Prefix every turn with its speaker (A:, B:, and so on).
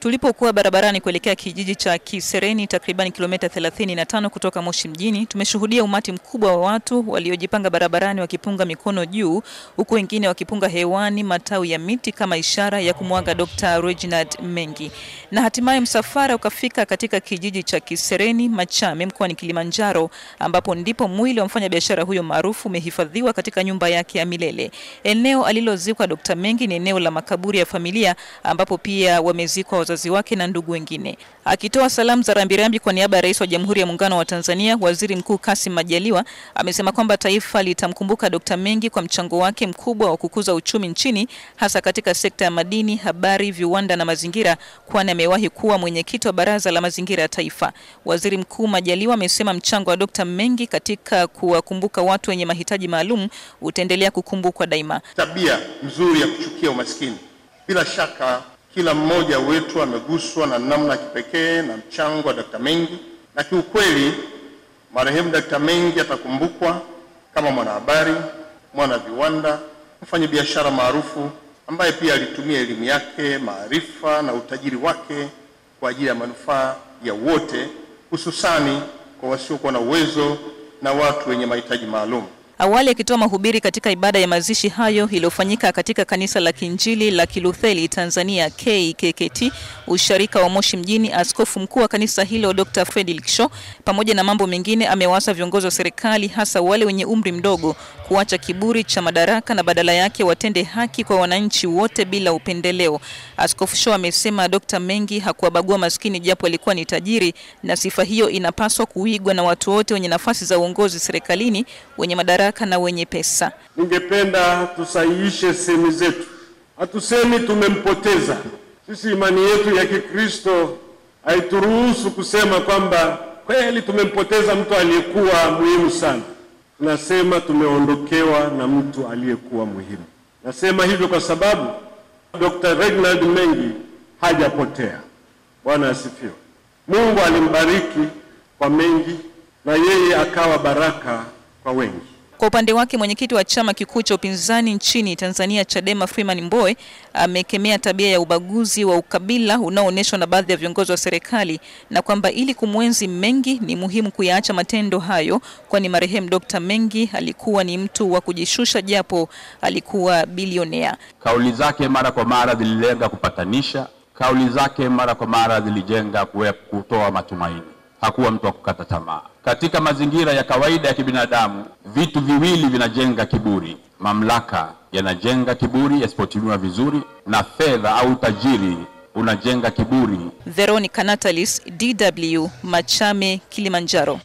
A: Tulipokuwa barabarani kuelekea kijiji cha Kisereni takriban kilomita 35 kutoka Moshi mjini, tumeshuhudia umati mkubwa wa watu waliojipanga barabarani wakipunga mikono juu, huku wengine wakipunga hewani matawi ya miti kama ishara ya kumwaga Dr. Reginald Mengi, na hatimaye msafara ukafika katika kijiji cha Kisereni Machame mkoani Kilimanjaro, ambapo ndipo mwili wa mfanyabiashara huyo maarufu umehifadhiwa katika nyumba yake ya milele. Eneo alilozikwa Dr. Mengi ni eneo la makaburi ya familia, ambapo pia wamezikwa wazazi wake na ndugu wengine. Akitoa salamu za rambirambi kwa niaba ya Rais wa Jamhuri ya Muungano wa Tanzania, Waziri Mkuu Kassim Majaliwa amesema kwamba taifa litamkumbuka Dkt. Mengi kwa mchango wake mkubwa wa kukuza uchumi nchini, hasa katika sekta ya madini, habari, viwanda na mazingira, kwani amewahi kuwa mwenyekiti wa Baraza la Mazingira ya Taifa. Waziri Mkuu Majaliwa amesema mchango wa Dkt. Mengi katika kuwakumbuka watu wenye mahitaji maalum utaendelea kukumbukwa daima.
B: Tabia nzuri ya kuchukia umaskini bila shaka kila mmoja wetu ameguswa na namna kipekee na mchango wa Dkt. Mengi, na kiukweli marehemu Dkt. Mengi atakumbukwa kama mwanahabari, mwana viwanda, mfanyabiashara maarufu ambaye pia alitumia elimu yake, maarifa na utajiri wake kwa ajili ya manufaa ya wote, hususani kwa wasiokuwa na uwezo na watu wenye mahitaji maalum.
A: Awali akitoa mahubiri katika ibada ya mazishi hayo iliyofanyika katika kanisa la Kiinjili la kilutheli Tanzania KKKT e usharika wa Moshi mjini, askofu mkuu wa kanisa hilo Dr. Fred Liksho, pamoja na mambo mengine, amewaasa viongozi wa serikali hasa wale wenye umri mdogo kuacha kiburi cha madaraka na badala yake watende haki kwa wananchi wote bila upendeleo. Askofu Sho amesema Dr. Mengi hakuwabagua maskini japo alikuwa ni tajiri, na sifa hiyo inapaswa kuigwa na watu wote wenye nafasi za uongozi serikalini wenye madaraka madaraka na wenye pesa.
C: Ningependa tusahihishe semi zetu, hatusemi tumempoteza. Sisi imani yetu ya Kikristo haituruhusu kusema kwamba kweli tumempoteza mtu aliyekuwa muhimu sana. Tunasema tumeondokewa na mtu aliyekuwa muhimu. Nasema hivyo kwa sababu Dr. Reginald Mengi hajapotea. Bwana asifiwe. Mungu alimbariki kwa mengi na yeye akawa baraka kwa wengi.
A: Kwa upande wake mwenyekiti wa chama kikuu cha upinzani nchini Tanzania Chadema Freeman Mbowe amekemea tabia ya ubaguzi wa ukabila unaoonyeshwa na baadhi ya viongozi wa serikali na kwamba ili kumwenzi Mengi ni muhimu kuyaacha matendo hayo, kwani marehemu Dr. Mengi alikuwa ni mtu wa kujishusha japo alikuwa bilionea.
D: Kauli zake mara kwa mara zililenga kupatanisha, kauli zake mara kwa mara zilijenga kutoa matumaini hakuwa mtu wa kukata tamaa. Katika mazingira ya kawaida ya kibinadamu, vitu viwili vinajenga kiburi: mamlaka yanajenga kiburi yasipotumiwa vizuri, na fedha au tajiri unajenga kiburi.
A: Veronica Natalis, DW, Machame, Kilimanjaro.